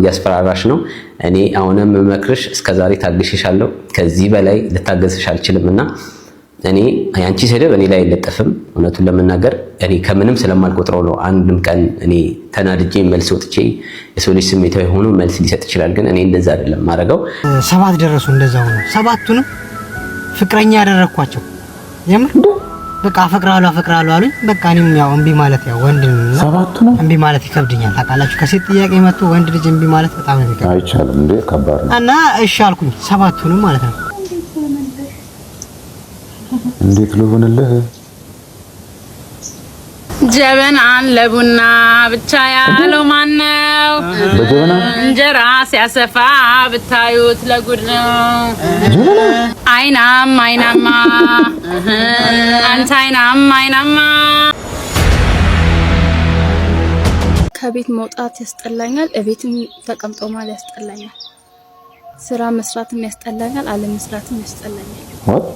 እያስፈራራሽ ነው። እኔ አሁንም መክርሽ እስከዛሬ ታግሼሻለሁ። ከዚህ በላይ ልታገስሽ አልችልም እና እኔ ያንቺ ስድብ እኔ ላይ አይለጠፍም። እውነቱን ለመናገር እኔ ከምንም ስለማልቆጥረው ነው። አንድም ቀን እኔ ተናድጄ መልስ ወጥቼ የሰው ልጅ ስሜታዊ ሆኖ መልስ ሊሰጥ ይችላል፣ ግን እኔ እንደዛ አይደለም ማድረገው። ሰባት ደረሱ እንደዛ ሆነ። ሰባቱንም ፍቅረኛ ያደረግኳቸው የምር በቃ አፈቅራለሁ አፈቅራለሁ አሉኝ። በቃ እኔም ያው እምቢ ማለት ያው ወንድ ሰባቱ ነው እምቢ ማለት ይከብድኛል ታውቃላችሁ። ከሴት ጥያቄ መጥቶ ወንድ ልጅ እምቢ ማለት በጣም ነው ይከብድ፣ አይቻልም እንዴ ከባድ ነው። እና እሺ አልኩኝ ሰባቱንም ማለት ነው። እንዴት ልሆንልህ? ጀበናን ለቡና ብቻ ያለው ማን ነው? እንጀራ ሲያሰፋ ብታዩት ለጉድ ነው። አይናም አይናማ አንተ አይናም አይናማ ከቤት መውጣት ያስጠላኛል። እቤትም ተቀምጦ ማል ያስጠላኛል። ስራ መስራትም ያስጠላኛል። አለመስራትም ያስጠላኛል።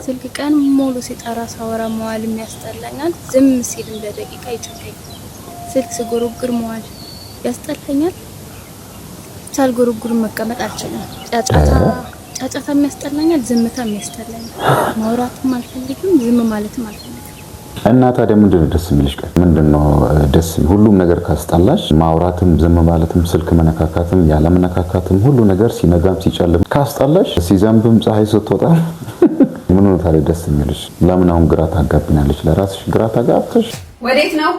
ስልክ ቀን ሙሉ ሲጠራ ሳወራ መዋልም ያስጠላኛል። ዝም ሲልም ለደቂቃ ይጨንቀኛል። ስልክ ስጎረጉር መዋል ያስጠላኛል። ሳልጎረጉር መቀመጥ አልችልም። ጫጫታ ጫጫታ የሚያስጠላኛል፣ ዝምታ የሚያስጠላኛል። ማውራትም አልፈልግም፣ ዝም ማለትም አልፈልግም። እና ታዲያ ምንድን ነው ደስ የሚልሽ ቀን? ምንድን ነው ደስ ሁሉም ነገር ካስጠላሽ ማውራትም ዝም ማለትም ስልክ መነካካትም ያለመነካካትም ሁሉ ነገር ሲነጋም ሲጨልም ካስጠላሽ ሲዘንብም ፀሐይ ስትወጣ ምን ነው ታዲያ ደስ የሚልሽ? ለምን አሁን ግራ ታጋብኛለች? ለራስሽ ግራ ታጋብተሽ ወዴት ነው?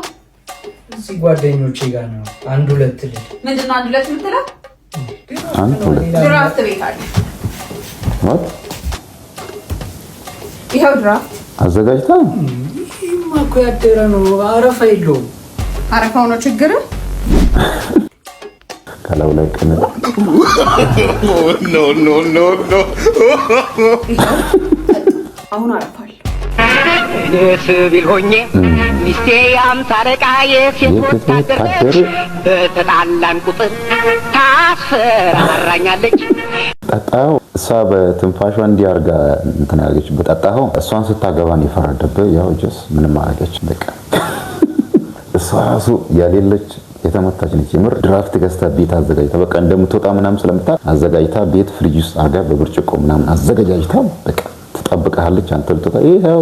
እዚህ ጓደኞቼ ጋር ነው። አንድ ሁለት ልል ምንድን ነው አንድ ሁለት ምትለው? አንድ ሁለት ድራፍት ቤት አለ ይኸው ድራፍት አዘጋጅታ ይህማ እኮ ያደረ ነው። አረፋ የለውም። አረፋው ነው ችግር። ከላዩ ላይ ቅን አሁን አረፋል። እኔ ስቢል ሆኜ ሚስቴ የአምሳ የሴት ወታደር በተጣላን ቁጥር ታስፈራራኛለች። ጠጣኸው? እሷ በትንፋሿ እንዲያርጋ አድርጋ እንትን ያደረገች በጠጣኸው። እሷን ስታገባን የፈረደብ ያው ጀስ ምንም አረገች በቃ እሷ ራሱ ያሌለች የተመታች ነች። የምር ድራፍት ገዝታ ቤት አዘጋጅታ በቃ እንደምትወጣ ምናምን ስለምታ አዘጋጅታ ቤት ፍሪጅ ውስጥ አርጋ በብርጭቆ ምናምን አዘጋጃጅታ በቃ ትጠብቀሃለች። አንተ ልትወጣ ይኸው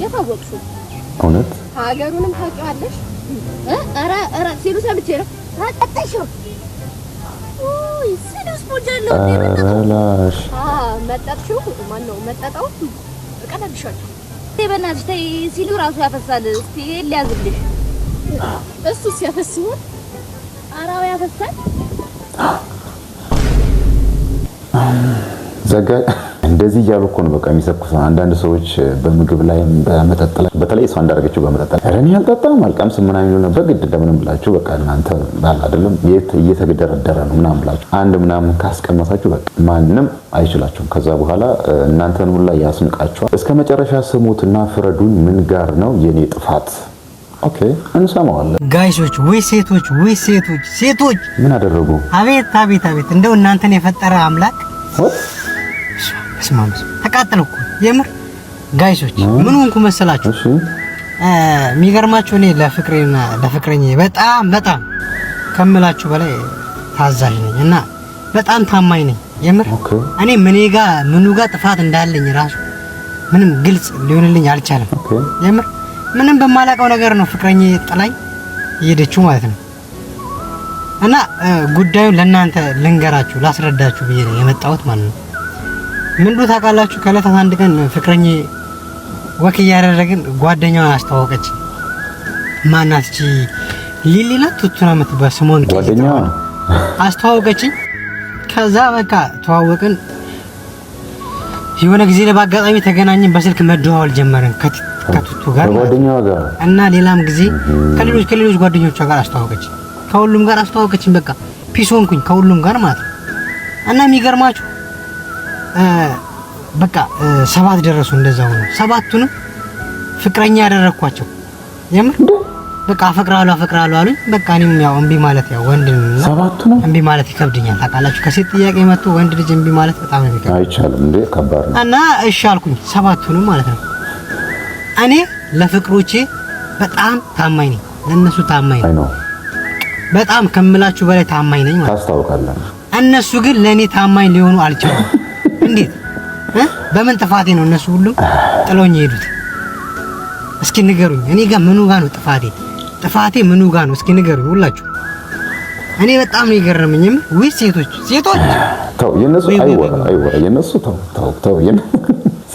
የታወቅሽው እውነት ሀገሩንም ታውቂዋለሽ ሲሉ ሰምቼ ነው። ታጠጠሽው ሲሉስ ሞጃለ ላሽ መጠጥሽው ማነው መጠጠው እቀጣልሻለሁ። በእናትሽ ተይ ሲሉ ራሱ ያፈሳል። እስኪ ሊያዝልሽ እሱስ ያፈስ ይሆን? አራው ያፈሳል ዘጋ እንደዚህ እያሉ እኮ ነው በቃ የሚሰኩት። አንዳንድ ሰዎች በምግብ ላይ በመጠጥ ላይ በተለይ እሷ እንዳደረገችው በመጠጥ ላይ ረኔ አልጠጣም አልቀምስም ምናምን ነበር። ግድ እንደምንም ብላችሁ በቃ እናንተ አይደለም የት እየተደረደረ ነው ምናምን ብላችሁ አንድ ምናምን ካስቀመሳችሁ በቃ ማንም አይችላችሁም። ከዛ በኋላ እናንተን ሁላ ያስንቃችኋል። እስከ መጨረሻ ስሙትና ፍረዱን። ምን ጋር ነው የኔ ጥፋት? ኦኬ እንሰማዋለን። ጋይሶች ወይ ሴቶች ወይ ሴቶች ሴቶች ምን አደረጉ? አቤት አቤት አቤት! እንደው እናንተን የፈጠረ አምላክ ስማምስ ተቃጠልኩ የምር ጋይሶች ምን ሆንኩ መሰላችሁ? የሚገርማችሁ እኔ ለፍቅሬና ለፍቅረኝ በጣም በጣም ከምላችሁ በላይ ታዛዥ ነኝ እና በጣም ታማኝ ነኝ። የምር እኔ ምኔ ጋ ምኑ ጋ ጥፋት እንዳለኝ ራሱ ምንም ግልጽ ሊሆንልኝ አልቻለም። የምር ምንም በማላውቀው ነገር ነው ፍቅረኛ ጥላኝ እየሄደችው ማለት ነው። እና ጉዳዩን ለእናንተ ልንገራችሁ ላስረዳችሁ ብዬ ነው የመጣሁት ማለት ነው። ምንዱ ታውቃላችሁ፣ ከእለታት አንድ ቀን ፍቅረኝ ወክ እያደረግን ጓደኛዋን አስተዋወቀች። ማናት እቺ ሊሊና ቱቱና የምትባል ስሞን ጓደኛዋ አስተዋወቀችኝ። ከዛ በቃ ተዋወቅን። የሆነ ጊዜ በአጋጣሚ ተገናኘን። በስልክ መደዋወል ጀመረን ከቱቱ ጋር እና ሌላም ጊዜ ከሌሎች ከሌሎች ጓደኞቿ ጋር አስተዋወቀችኝ። ከሁሉም ጋር አስተዋወቀችኝ። በቃ ፒስ ሆንኩኝ ከሁሉም ጋር ማለት ነው እና የሚገርማችሁ በቃ ሰባት ደረሱ። እንደዛው ነው። ሰባቱንም ፍቅረኛ ያደረኳቸው የምር በቃ አፈቅራለሁ አፈቅራለሁ አሉኝ። በቃ እኔም ያው እምቢ ማለት ያው ወንድ ነው እምቢ ማለት ይከብድኛል ታውቃላችሁ። ከሴት ጥያቄ መጥቶ ወንድ ልጅ እምቢ ማለት በጣም ነው የሚከብድ አይቻልም እንዴ ከባድ ነው። እና እሺ አልኩኝ ሰባቱንም ማለት ነው። እኔ ለፍቅሮቼ በጣም ታማኝ ነኝ፣ ለእነሱ ታማኝ ነኝ። በጣም ከምላችሁ በላይ ታማኝ ነኝ ማለት ታስታውቃለህ። እነሱ ግን ለእኔ ታማኝ ሊሆኑ አልቻሉም። እንዴት በምን ጥፋቴ ነው እነሱ ሁሉም ጥሎኝ የሄዱት? እስኪ ንገሩኝ። እኔ ጋር ምኑ ጋር ነው ጥፋቴ? ጥፋቴ ምኑ ጋር ነው? እስኪ ንገሩኝ ሁላችሁ። እኔ በጣም ነው የገረመኝም። ውይ ሴቶች ሴቶች ተው፣ የነሱ አይወራ አይወራ፣ የነሱ ተው ተው ተው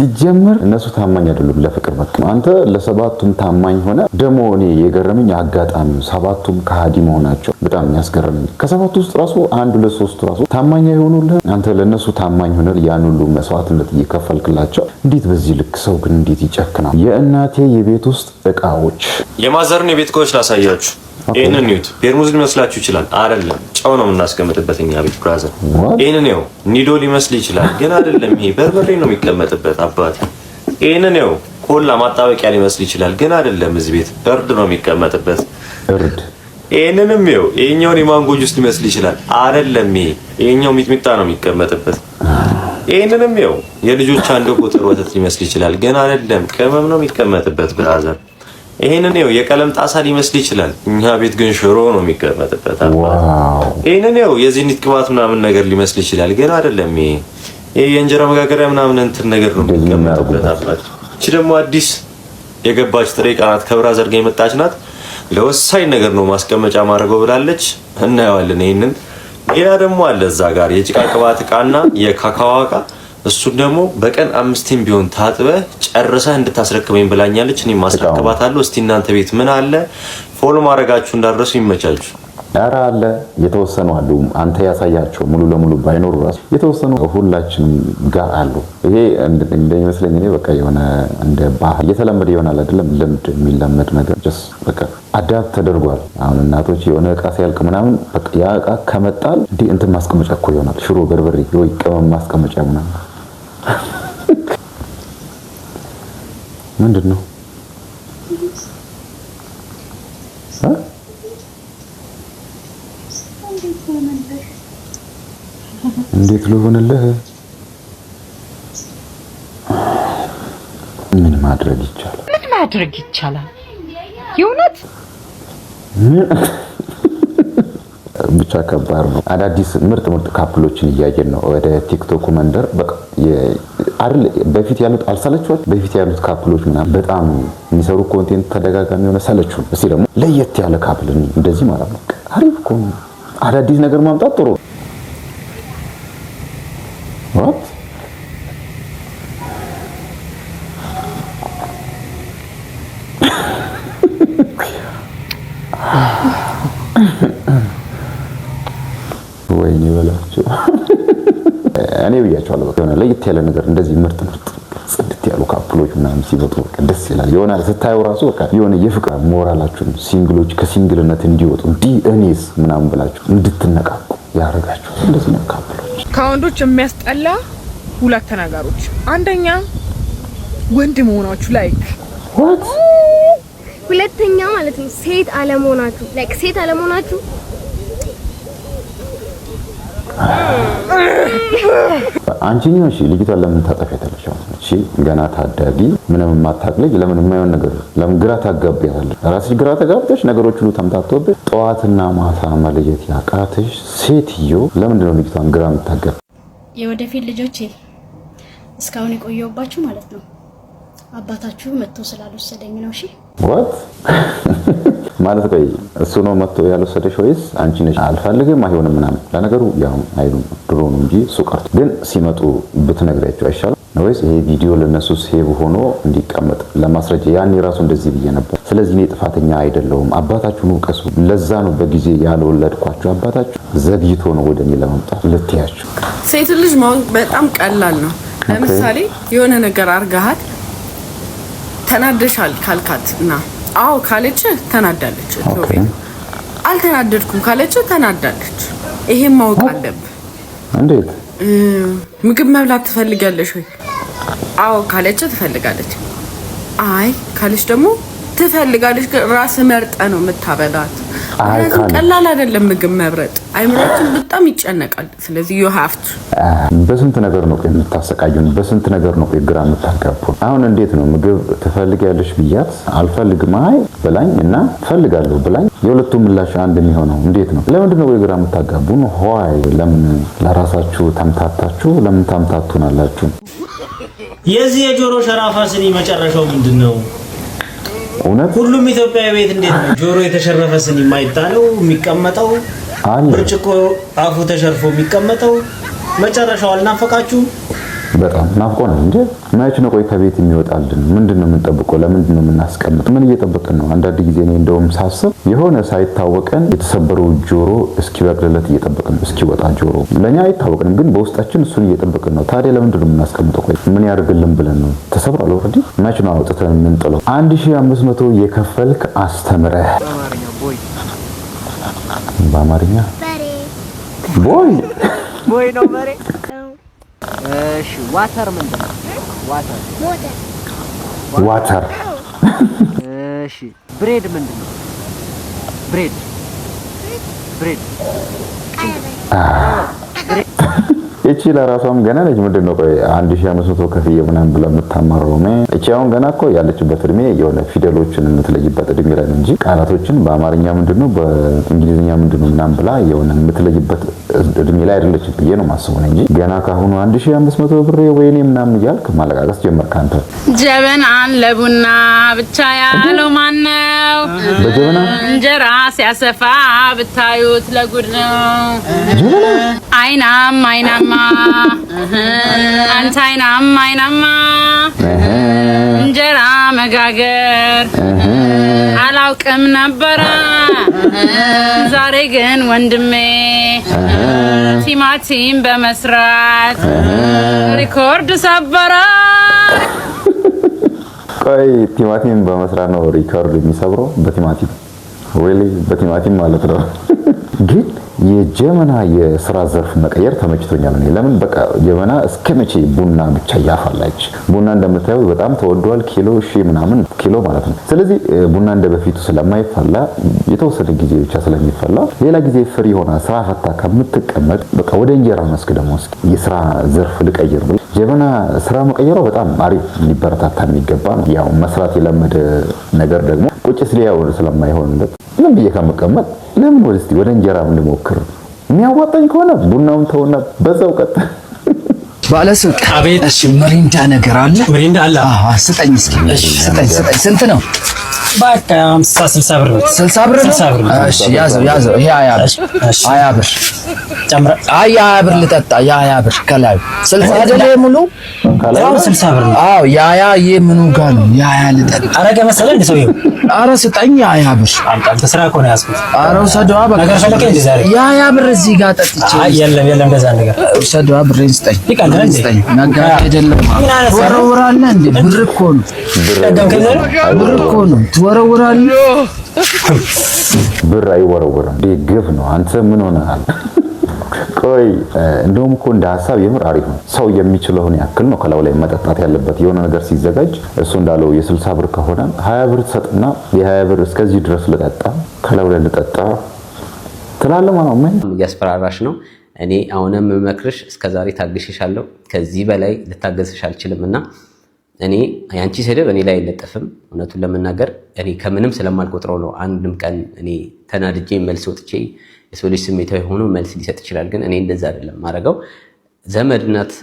ሲጀምር እነሱ ታማኝ አይደሉም ለፍቅር በቃ አንተ ለሰባቱም ታማኝ ሆነ። ደግሞ እኔ የገረመኝ አጋጣሚ ሰባቱም ከሃዲ መሆናቸው በጣም የሚያስገርመኝ ከሰባቱ ውስጥ ራሱ አንድ ሁለት ሶስቱ ራሱ ታማኝ አይሆኑልህ። አንተ ለእነሱ ታማኝ ሆነ ያን ሁሉ መስዋዕትነት እየከፈልክላቸው እንዴት በዚህ ልክ ሰው ግን እንዴት ይጨክናል? የእናቴ የቤት ውስጥ እቃዎች የማዘርን የቤት እቃዎች ላሳያችሁ ይህንን ኒውት ፔርሙዝ ሊመስላችሁ ይችላል። አይደለም፣ ጨው ነው የምናስቀምጥበት እኛ ቤት ብራዘር። ይህንን ው ኒዶ ሊመስል ይችላል፣ ግን አይደለም። ይሄ በርበሬ ነው የሚቀመጥበት አባት። ይህንን ው ኮላ ማጣበቂያ ሊመስል ይችላል፣ ግን አይደለም። እዚህ ቤት እርድ ነው የሚቀመጥበት። ይህንንም ው ይሄኛውን የማንጎ ጁስ ሊመስል ይችላል፣ አይደለም። ይሄ ይሄኛው ሚጥሚጣ ነው የሚቀመጥበት። ይህንንም ው የልጆች አንድ ቁጥር ወተት ሊመስል ይችላል፣ ግን አይደለም። ቅመም ነው የሚቀመጥበት ብራዘር ይሄንን ነው የቀለም ጣሳ ሊመስል ይችላል። እኛ ቤት ግን ሽሮ ነው የሚቀመጥበት። ይሄንን ነው የዚህኒት ቅባት ምናምን ነገር ሊመስል ይችላል፣ ግን አይደለም። ይሄ የእንጀራ መጋገሪያ ምናምን እንትን ነገር ነው የሚቀመጥበት። አባት እቺ ደግሞ አዲስ የገባች ጥሬ ቃናት ከብራ ዘርጋ የመጣች ናት። ለወሳኝ ነገር ነው ማስቀመጫ ማድረገው ብላለች። እናየዋለን። ይሄንን ሌላ ደግሞ አለ እዛ ጋር የጭቃ ቅባት እቃና የካካዋ እቃ። እሱን ደግሞ በቀን አምስቴም ቢሆን ታጥበ ጨርሰህ እንድታስረክበኝ ብላኛለች። እኔ ማስረክባታለሁ። እስቲ እናንተ ቤት ምን አለ? ፎሎ ማድረጋችሁ እንዳረሱ ይመቻችሁ። ኧረ አለ የተወሰኑ አሉ። አንተ ያሳያቸው ሙሉ ለሙሉ ባይኖሩ ራሱ የተወሰኑ ሁላችን ጋር አሉ። ይሄ እንደሚመስለኝ እኔ በቃ የሆነ እንደ ባህል እየተለመደ ይሆናል አይደለም፣ ልምድ የሚለመድ ነገር ስ በቃ አዳፕት ተደርጓል። አሁን እናቶች የሆነ እቃ ሲያልቅ ምናምን ያ እቃ ከመጣል እንትን ማስቀመጫ እኮ ይሆናል፣ ሽሮ በርበሬ ወይ ቅመም ማስቀመጫ ምናምን ምንድን ነው እንዴት ልሆንልህ? ምን ማድረግ ይቻላል? ምን ማድረግ ይቻላል? የእውነት ብቻ ከባድ ነው። አዳዲስ ምርጥ ምርጥ ካፕሎችን እያየን ነው። ወደ ቲክቶኩ መንደር በፊት ያሉት አልሰለችዎች በፊት ያሉት ካፕሎች ምናምን በጣም የሚሰሩ ኮንቴንት ተደጋጋሚ የሆነ ሰለች። እስኪ ደግሞ ለየት ያለ ካፕልን እንደዚህ ማለት ነው። አሪፍ አዳዲስ ነገር ማምጣት ጥሩ ወይኔ በላቸው። እኔ ብያቸዋለሁ። በቃ የሆነ ለየት ያለ ነገር እንደዚህ ምርጥ ምርጥ ጽድት ያሉ ካፕሎች ምናምን ሲመጡ በቃ ደስ ይላል። የሆነ ስታየው ራሱ በቃ የሆነ የፍቅር ሞራላችሁን ሲንግሎች ከሲንግልነት እንዲወጡ እንዲህ እኔስ ምናምን ብላችሁ እንድትነቃቁ ያደርጋችሁ እንደዚህ ነው ካፕሎች። ከወንዶች የሚያስጠላ ሁለት ተናጋሮች፣ አንደኛ ወንድ መሆናችሁ ላይክ ሁለተኛ ማለት ነው ሴት አለመሆናችሁ ላይክ ሴት አለመሆናችሁ አንቺኛ ነው እሺ፣ ልጅቷን ለምን ታጠፊያታለሽ? እሺ ገና ታዳጊ ምንም የማታውቅ ልጅ ለምን የማይሆን ነገር ለምን ግራ ታጋቢያታለሽ? ራስሽ ግራ ተጋብተሽ ነገሮች ሁሉ ተምታቶብሽ ጠዋትና ማታ መለየት ያቃተሽ ሴትዮ ለምንድን ነው ልጅቷን ግራ የምታጋቢ? የወደፊት ልጆቼ እስካሁን የቆየሁባችሁ ማለት ነው አባታችሁ መጥቶ ስላልወሰደኝ ነው። እሺ ወት ማለት ቆይ እሱ ነው መጥቶ ያልወሰደሽ ወይስ አንቺ ነሽ? አልፈልግም፣ አይሆንም ምናምን። ለነገሩ ያው አይሉም ድሮ ነው እንጂ እሱ ቀርቶ ግን ሲመጡ ብትነግሪያቸው አይሻልም ወይስ ይሄ ቪዲዮ ለነሱ ሴቭ ሆኖ እንዲቀመጥ ለማስረጃ? ያኔ ራሱ እንደዚህ ብዬ ነበር፣ ስለዚህ እኔ ጥፋተኛ አይደለሁም። አባታችሁን ውቀሱ። ለዛ ነው በጊዜ ያልወለድኳቸው። አባታችሁ ዘግይቶ ነው ወደ እኔ ለመምጣት ልትያቸው። ሴት ልጅ ማወቅ በጣም ቀላል ነው። ለምሳሌ የሆነ ነገር አርጋሃት ተናደሻል ካልካት እና አዎ ካለች ተናዳለች። አልተናደድኩም ካለች ተናዳለች። ይሄን ማወቅ አለብ እንዴት ምግብ መብላት ትፈልጋለሽ ወይ? አዎ ካለች ትፈልጋለች። አይ ካለች ደግሞ ትፈልጋለች። ራስ መርጠ ነው የምታበላት ቀላል አይደለም ምግብ መብረጥ። አይምሮችን በጣም ይጨነቃል። ስለዚህ ዩ ሀፍት በስንት ነገር ነው የምታሰቃዩን፣ በስንት ነገር ነው ግራ የምታጋቡ። አሁን እንዴት ነው ምግብ ትፈልጊያለሽ ብያት አልፈልግም አይ ብላኝ እና ፈልጋለሁ ብላኝ የሁለቱ ምላሽ አንድ የሚሆነው እንዴት ነው? ለምንድን ነው ግራ የምታጋቡን? ሆይ ለምን ለራሳችሁ ተምታታችሁ? ለምን ተምታቱናላችሁ? የዚህ የጆሮ ሸራፋ ስኒ መጨረሻው ምንድን ነው? እውነት ሁሉም ኢትዮጵያዊ ቤት እንዴት ነው ጆሮ የተሸረፈ ስኒ የማይጣለው የሚቀመጠው ብርጭቆ አፉ ተሸርፎ የሚቀመጠው መጨረሻው አልናፈቃችሁ በጣም ነው እንጂ መች ነው ቆይ ከቤት የሚወጣልን? ምንድን ነው የምንጠብቀው? ለምንድን ነው የምናስቀምጥ? ምን እየጠበቅን ነው? አንዳንድ ጊዜ እኔ እንደውም ሳስብ የሆነ ሳይታወቀን የተሰበረው ጆሮ እስኪበቅልለት እየጠበቅን ነው፣ እስኪወጣ ጆሮ ለእኛ አይታወቅንም፣ ግን በውስጣችን እሱን እየጠበቅን ነው። ታዲያ ለምንድን ነው የምናስቀምጠው? ቆይ ምን ያደርግልን ብለን ነው። ተሰብሯል። ኦልሬዲ መች ነው አውጥተን የምንጥለው? አንድ ሺህ አምስት መቶ የከፈልክ አስተምረህ በአማርኛ ቦይ ቦይ ነው እሺ ዋተር ምንድን ነው? ዋተር ዋተር። እሺ ብሬድ ምንድን ነው? ብሬድ ብሬድ እቺ ለራሷም ገና ነች። ምንድን ነው ቆይ አንድ ሺህ አምስት መቶ ከፍዬ ምናምን ብላ የምታማረው እቺ አሁን ገና እኮ ያለችበት እድሜ የሆነ ፊደሎችን የምትለይበት እድሜ ላይ ነው እንጂ ቃላቶችን በአማርኛ ምንድን ነው በእንግሊዝኛ ምንድን ነው ምናምን ብላ የሆነ የምትለይበት እድሜ ላይ አይደለች ብዬ ነው ማስቡን እንጂ ገና ካሁኑ አንድ ሺህ አምስት መቶ ብሬ ወይኔ ምናምን እያልክ ማለቃቀስ ጀመር። ከአንተ ጀበናን ለቡና ብቻ ያለው ነው? በጀበና እንጀራ ሲያሰፋ ብታዩት ለጉድ ነው። አይናም አይናም አይናማ አንተ አይናማ አይናማ እንጀራ መጋገር አላውቅም ነበረ ዛሬ ግን ወንድሜ ቲማቲም በመስራት ሪኮርድ ሰበረ። ቆይ ቲማቲም በመስራት ነው ሪኮርድ የሚሰብረው በቲማቲም ወይ በቲማቲም ማለት ነው። ግን የጀመና የስራ ዘርፍ መቀየር ተመችቶኛል። ለምን በቃ ጀመና እስከ መቼ ቡና ብቻ ያፋላች ቡና እንደምታየው በጣም ተወዷል። ኪሎ ሺ ምናምን ኪሎ ማለት ነው። ስለዚህ ቡና እንደ በፊቱ ስለማይፈላ የተወሰነ ጊዜ ብቻ ስለሚፈላ ሌላ ጊዜ ፍሪ ሆና ስራ ፈታ ከምትቀመጥ በቃ ወደ እንጀራ መስክ ደግሞ የስራ ዘርፍ ልቀይር ብሎ ጀበና ስራ መቀየሯ በጣም አሪፍ ሊበረታታ የሚገባ ነው። ያው መስራት የለመደ ነገር ደግሞ ቁጭ ስሊያውን ስለማይሆንለት ምን ብዬ ከምቀመጥ ለምን ወደ እስኪ ወደ እንጀራ እንሞክር። የሚያዋጣኝ ከሆነ ቡናውን ተውና በዛው ቀጥ ባለሱቅ አቤት። እሺ፣ ምሪንዳ ነገር አለ። ምሪንዳ አለ። ስጠኝ፣ ስጠኝ፣ ስጠኝ። ስንት ነው? በቃ አምሳ ስልሳ ብር ነው። ልጠጣ። የሀያ ብር ከላዩ ስልሳ አይደለ ሙሉ ከላዩ ስልሳ ብር ነው። አዎ ልጠጣ። አረገ መሰለህ እንደ ሰውዬው። ኧረ ስጠኝ የሀያ ብር አምጣም። እኮ ነው ያዝኩት። ኧረ ውሰደዋ በቃ ነገር ብር እዚህ ጋር ጠጥቼ። የለም የለም፣ እንደዛ ነገር ውሰደዋ። ብሬን ስጠኝ። ነጋዴ አይደለም ወረውራለህ እንዴ? ብር እኮ ነው። ብር እኮ ነው። ወረውራለሁ። ብር አይወረውርም። ግፍ ነው። አንተ ምን ሆነሃል? ቆይ እንደውም እኮ እንደ ሀሳብ የምር አሪፍ ነው። ሰው የሚችለውን ያክል ነው ከላው ላይ መጠጣት ያለበት። የሆነ ነገር ሲዘጋጅ እሱ እንዳለው የስልሳ ብር ከሆነ ሀያ ብር ትሰጥና የሀያ ብር እስከዚህ ድረስ ልጠጣ ከላው ላይ ልጠጣ ትላለህ ማለት ነው። እያስፈራራሽ ነው። እኔ አሁንም መክርሽ እስከዛሬ ታግሼሻለሁ። ከዚህ በላይ ልታገዝሽ አልችልም እና እኔ ያንቺ ስድብ እኔ ላይ አይለጠፍም። እውነቱን ለመናገር እኔ ከምንም ስለማልቆጥረው ነው። አንድም ቀን እኔ ተናድጄ መልስ ወጥቼ የሰው ልጅ ስሜታዊ ሆኖ መልስ ሊሰጥ ይችላል። ግን እኔ እንደዛ አይደለም ማድረገው። ዘመድ ናት፣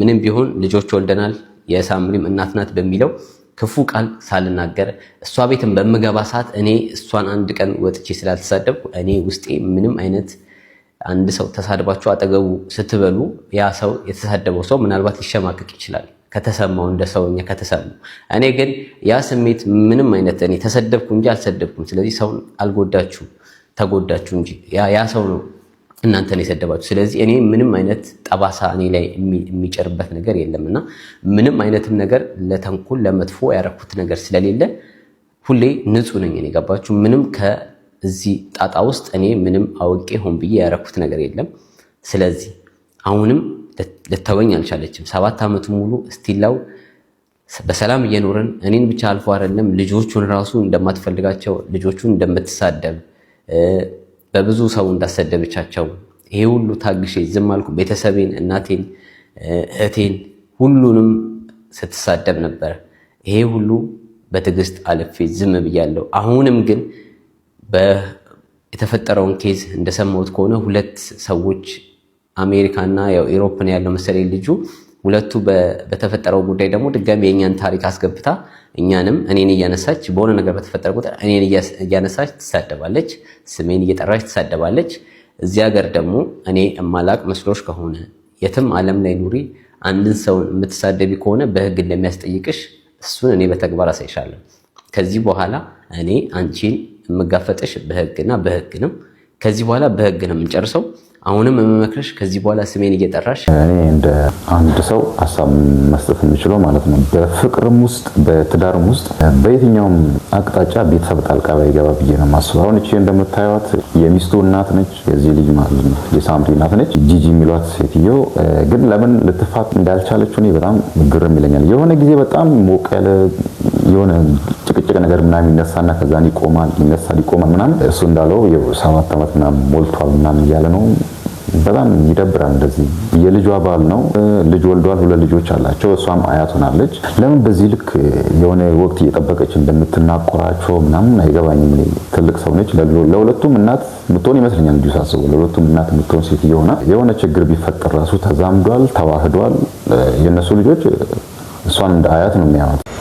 ምንም ቢሆን ልጆች ወልደናል፣ የሳምሪም እናት ናት በሚለው ክፉ ቃል ሳልናገር እሷ ቤትን በምገባ ሰዓት እኔ እሷን አንድ ቀን ወጥቼ ስላልተሳደብኩ እኔ ውስጤ ምንም አይነት አንድ ሰው ተሳድባችሁ አጠገቡ ስትበሉ ያ ሰው የተሳደበው ሰው ምናልባት ሊሸማቀቅ ይችላል። ከተሰማው እንደ ሰውኛ ከተሰማው። እኔ ግን ያ ስሜት ምንም አይነት እኔ ተሰደብኩ እንጂ አልሰደብኩም። ስለዚህ ሰውን አልጎዳችሁ ተጎዳችሁ እንጂ ያ ሰው ነው እናንተን የሰደባችሁ። ስለዚህ እኔ ምንም አይነት ጠባሳ እኔ ላይ የሚጨርበት ነገር የለም እና ምንም አይነትም ነገር ለተንኮል ለመጥፎ ያረኩት ነገር ስለሌለ ሁሌ ንጹህ ነኝ። እኔ ገባችሁ? ምንም ከዚህ ጣጣ ውስጥ እኔ ምንም አውቄ ሆን ብዬ ያረኩት ነገር የለም። ስለዚህ አሁንም ልተወኝ አልቻለችም። ሰባት ዓመቱ ሙሉ እስቲላው በሰላም እየኖርን እኔን ብቻ አልፎ አይደለም ልጆቹን ራሱ እንደማትፈልጋቸው ልጆቹን እንደምትሳደብ በብዙ ሰው እንዳሰደበቻቸው ይሄ ሁሉ ታግሼ ዝም አልኩ። ቤተሰቤን፣ እናቴን፣ እህቴን ሁሉንም ስትሳደብ ነበር። ይሄ ሁሉ በትዕግስት አልፌ ዝም ብያለሁ። አሁንም ግን የተፈጠረውን ኬዝ እንደሰማሁት ከሆነ ሁለት ሰዎች አሜሪካና ያው ኢሮፕን ያለው መሰለኝ ልጁ ሁለቱ በተፈጠረው ጉዳይ ደግሞ ድጋሚ የእኛን ታሪክ አስገብታ እኛንም እኔን እያነሳች በሆነ ነገር በተፈጠረ ቁጥር እኔን እያነሳች ትሳደባለች፣ ስሜን እየጠራች ትሳደባለች። እዚህ ሀገር ደግሞ እኔ የማላቅ መስሎች ከሆነ የትም ዓለም ላይ ኑሪ፣ አንድን ሰውን የምትሳደቢ ከሆነ በሕግ እንደሚያስጠይቅሽ እሱን እኔ በተግባር አሳይሻለሁ። ከዚህ በኋላ እኔ አንቺን የምጋፈጥሽ በሕግና በሕግ ነው። ከዚህ በኋላ በሕግ ነው የምንጨርሰው። አሁንም የምመክርሽ ከዚህ በኋላ ስሜን እየጠራሽ እኔ እንደ አንድ ሰው ሀሳብ መስጠት የምችለው ማለት ነው በፍቅርም ውስጥ በትዳርም ውስጥ በየትኛውም አቅጣጫ ቤተሰብ ጣልቃ ባይገባ ብዬ ነው የማስበው። አሁን እቺ እንደምታዩት የሚስቱ እናት ነች፣ የዚህ ልጅ ማለት ነው የሳምሪ እናት ነች። ጂጂ የሚሏት ሴትዮ ግን ለምን ልትፋት እንዳልቻለች እኔ በጣም ግርም ይለኛል። የሆነ ጊዜ በጣም ሞቅ ያለ የሆነ ጭቅጭቅ ነገር ምናምን ይነሳና ከዛን ይቆማል፣ ይነሳል፣ ይቆማል ምናምን እሱ እንዳለው ሰባት ዓመት ምናምን ሞልቷል ምናምን እያለ ነው በጣም ይደብራል። እንደዚህ የልጇ ባል ነው፣ ልጅ ወልዷል፣ ሁለት ልጆች አላቸው። እሷም አያት ሆናለች። ለምን በዚህ ልክ የሆነ ወቅት እየጠበቀች እንደምትናቆራቸው ምናምን አይገባኝም። ትልቅ ሰው ነች፣ ለሁለቱም እናት ምትሆን ይመስለኛል። እንዲሁ ሳስበው ለሁለቱም እናት ምትሆን ሴት እየሆነ የሆነ ችግር ቢፈጠር ራሱ ተዛምዷል፣ ተዋህዷል። የእነሱ ልጆች እሷን እንደ አያት ነው የሚያዩት።